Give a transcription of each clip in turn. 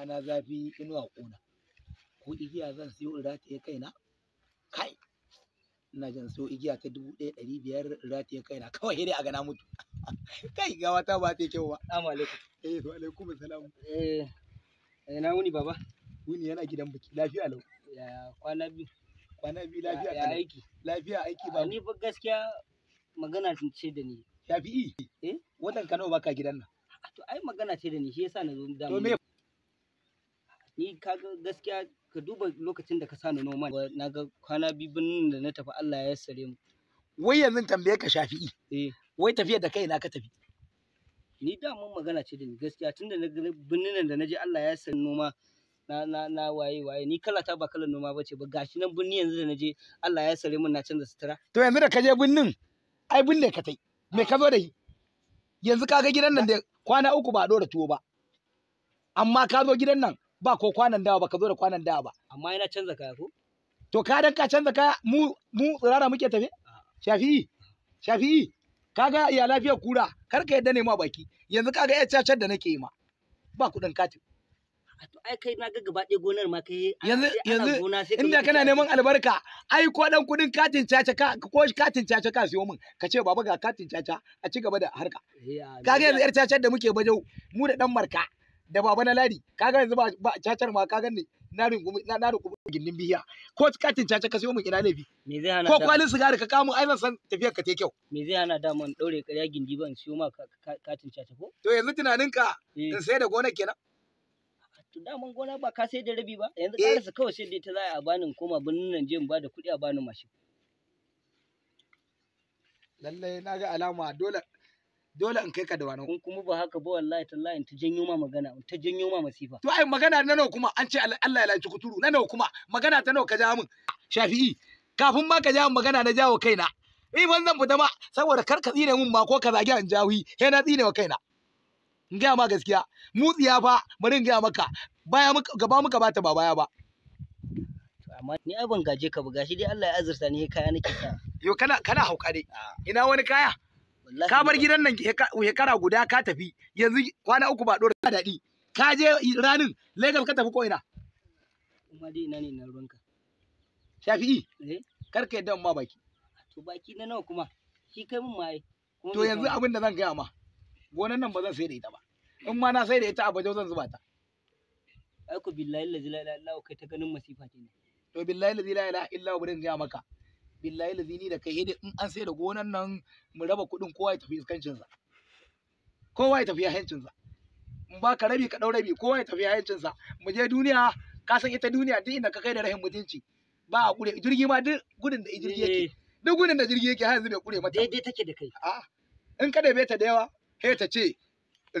rana zafi inuwa ƙona ko igiya zan siyo in rataye kaina kai ina jin siyo igiya ta dubu ɗaya ɗari biyar in rataye kaina kawai sai dai a gana mutu kai ga ta ba ta kyau ba assalamu alaikum eh wa alaikum assalam eh na wuni baba wuni yana gidan biki lafiya lau ya kwana biyu kwana biyu lafiya ya aiki lafiya aiki ba ni fa gaskiya magana sun ce da ni ya fi eh watan kano baka gidan nan to ai magana ce da ni shi yasa na zo da mu ni ga gaskiya ka duba lokacin da ka sa ni noman na ga kwana bibin da na tafi Allah ya sare mu wai yanzu tambaye ka shafi'i eh. wai tafiya da kai na ka tafi ni da mun magana ce da ni gaskiya tunda na ga binninan da naje Allah ya sare noma na na na waye waye ni kala ta ba kala noma bace ba gashi nan binnin yanzu da naje Allah ya sare mun na canza sutura to yanzu da ka je binnin ai binne ka tai me ka zo da shi yanzu ka ga gidan nan da kwana uku ba a dora tuwo ba amma ka zo gidan nan ba ko kwanan dawa ba ka zo da kwanan dawa ba amma yana canza kaya ko to ka dan ka canza kaya mu mu tsirara muke tafe shafi'i shafi'i kaga ya lafiyar kura kar ka yadda ne ma baki yanzu kaga ya cacar da nake yi ma ba kuɗin katin to ai kai na ga gaba ɗaya gonar ma kai yanzu yanzu inda kana neman albarka ai ko dan kudin katin caca ka ko katin caca ka siyo min ka ce baba ga katin caca a ci gaba da harka eh, kaga yanzu yar cacar da muke bajau mu da dan marka da baba na ladi kaga yanzu ba ba cacar ma kaga ne na rungumi na na rungumi gindin biya ko katin caca ka sayo min ina bi? me zai hana ko kwalin sigari ka kamo ai san tafiyar ka te kyau me zai hana da mun daure ƙarya gindi ban siyo ma katin caca ko to yanzu tunaninka eh. in sai da gonar kenan to mun gona ba ka sai da rabi ba yanzu karasa eh. kawai sai dai ta zai a bani koma birnin nan je ba bada kuɗi a bani mashin lallai na ga alama dole dole in kai ka da wani in kuma ba haka ba wallahi tallahi in ta janyo ma magana in ta janyo ma masifa to ai magana na nawa kuma an ce Allah ya lanci kuturu na nawa kuma magana ta nawa ka ja min Shafi'i kafin ma ka ja min magana na jawo kaina ni ban zan fita ma saboda kar ka tsine min ma ko ka zage an jawi he na tsine wa kaina in gaya ma gaskiya mu tsiya fa bari in gaya maka baya muka gaba muka bata ba baya ba amma ni ai ban gaje ka ba gashi dai Allah ya azurta ni kaya nake ta. yo kana kana hauka dai ah. ina wani kaya ka bar gidan nan shekara guda ka tafi yanzu kwana uku ba dora daɗi ka je ranin Lagos ka tafi ko ina kuma dai ina ne na ruwanka Shafi'i eh? kar ka yadda ma baki to baki na nawa kuma shi kai mun mai to yanzu abin da zan gaya ma gonan nan ba zan sai da ita ba in ma na sai da ita a bajau zan zuba ta ai ku billahi la ilaha illa kai ta ganin masifa kenan to billahi la ilaha illa hu bari in gaya maka billahi lazini da kai dai in an sai da gonan nan mu raba kuɗin kowa ya tafi iskancin sa kowa ya tafi yahincin sa in ba ka rabi ka ɗau rabi kowa ya tafi yahincin sa mu je duniya ka san ita duniya duk inda ka kai da rahin mutunci ba a kure jirgi ma duk gudun da jirgi yake duk gudun da jirgi yake har yanzu bai kure mata daidai take da kai a in ka da ta da yawa kai ta ce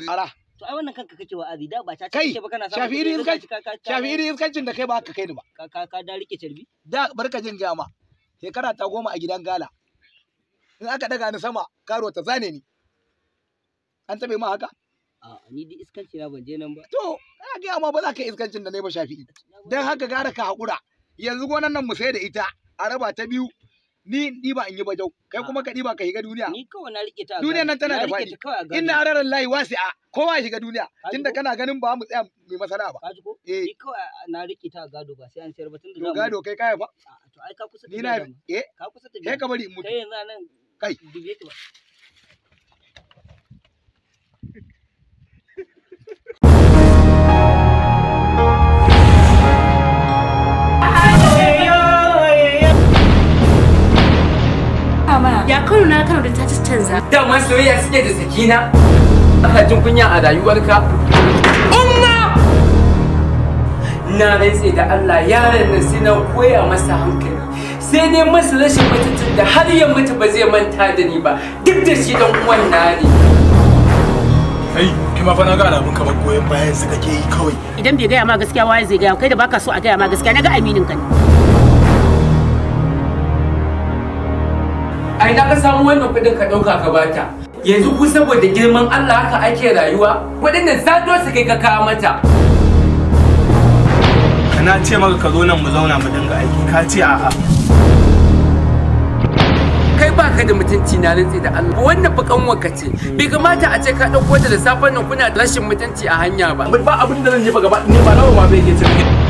ara to ai wannan kanka kake wa'azi da ba ta ce ba kana shafi iri iskancin da kai ba ka kai ni ba ka ka da rike tarbi da barka jin gama shekara ta goma a gidan gala in aka daga ni sama karo ta zane ni an tabe ma haka a ni dai iskanci na ban je nan ba to ka ga amma ba za ka iskancin da ne ba shafi'i dan haka gara ka hakura yanzu gonan nan mu sai da ita a raba ta biyu ni in ɗiba in yi bajau kai kuma ah. ka ɗiba ka shiga duniya ni kawai na rike ta duniya nan tana da faɗi inna ararar layi wasi'a kowa ya shiga duniya tunda kana ganin ba mu tsaya mai masana ba kaji ko eh. ni gado kai ka kusa ni na eh ka kusa kai bari ta na Kano na Kano da ta canza. Dama soyayya suke da sakina. Aka jin kunya a rayuwarka. Umma! Na rantse da Allah yaran nan sai na koya masa hankali. Sai dai masa rashin mutuntun da har ya mutu ba zai manta da ni ba. Duk da shi dan uwan na ne. Kai, kai ma fa na ga alamun kamar goyon bayan su kake yi kawai. Idan bai gaya ma gaskiya waye zai gaya kai da baka so a gaya ma gaskiya na ga aminin ka ne. a ina ka samu wannan kuɗin ka ɗauka ka bata yanzu ku saboda girman Allah haka ake rayuwa kudin nan to su kai ka kawo mata na ce maka ka zo nan mu zauna mu dinga aiki ka ce a'a kai ba ka da mutunci na rantsi da Allah wannan fa wanka ce bai kamata a ce ka dauko ta da safan nan kuna rashin mutunci a hanya ba ba abin da zan je ba gaba ne ba nawa ma bai ke cikin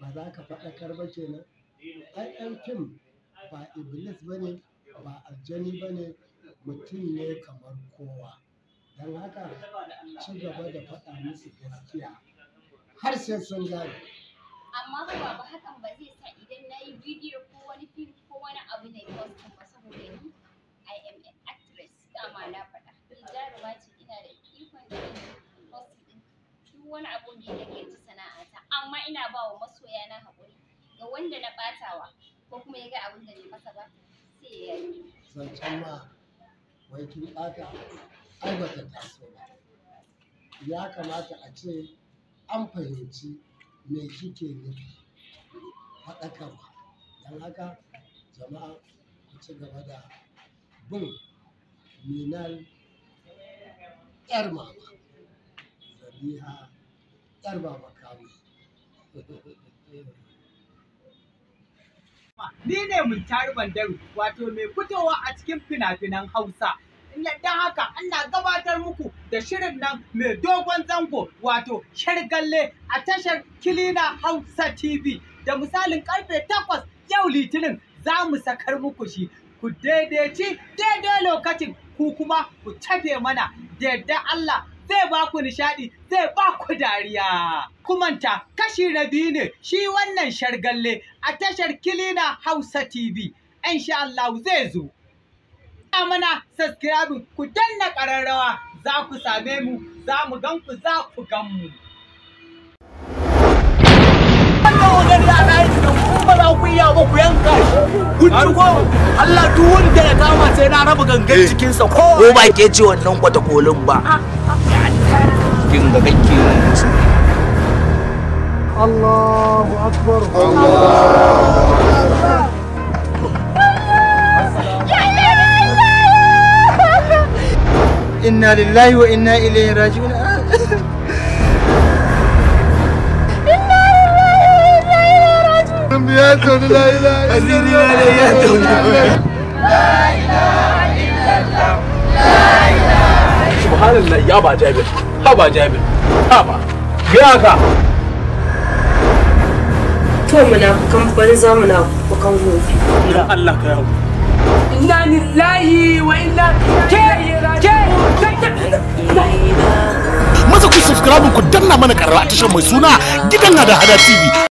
ba za ka faɗakar ba kenan ai ɗan fim ba iblis ba ne ba aljani ba ne mutum ne kamar kowa don haka ci gaba da faɗa musu gaskiya har sai sun gane amma ba ba hakan ba zai sa idan na yi bidiyo ko wani fim ko wani abu na yi wasu ba saboda ni i am an actress dama na faɗa jaruma ce ina da ikon da duk wani aboki da ke ci sana'ata amma ina ba wa masoya na haƙuri ga wanda na ɓatawa ko kuma ya ga abin da ne masa ba sai ya yi zancen ma wai kin ɓata ai ba ta taso ya kamata a ce an fahimci me kike nufi faɗakarwa don haka jama'a ku ci gaba da bin minan 'yar mama Sabiha yar baba kawo ni ne muntari bandaru wato mai fitowa a cikin fina-finan hausa don haka ana gabatar muku da shirin nan mai dogon zango wato shirgalle a tashar kilina hausa tv da misalin karfe takwas yau litinin za mu sakar muku shi ku daidaici daidai lokacin ku kuma ku tafe mana da Allah zai ba ku nishaɗi zai ba ku dariya. Kumanta kashi na biyu ne shi wannan shargalle a tashar Kilina Hausa TV. sha Allah zai zo. Ka mana subscribe ku danna ƙararrawa za ku same mu za mu gan ku za ku gan mu. Allah duk wanda ya kama sai na raba gangan eh. cikinsa ko ba ke ci wannan kwatakolin ba. Ah. حق بذكي المسلمين الله أكبر الله أكبر إنا لله وإنا إليه راجعون يا لا إله إلا الله لا إله إلا الله لا إله إلا الله سبحان الله يا أبا جابر haba jabir haba biya ka to muna munafukan banza kan gobe ina Allah ka yawo inna lillahi wa inna ilaihi raji'un masa ku subscribe ku danna mana karara a tashar mai suna gidan hada hada tv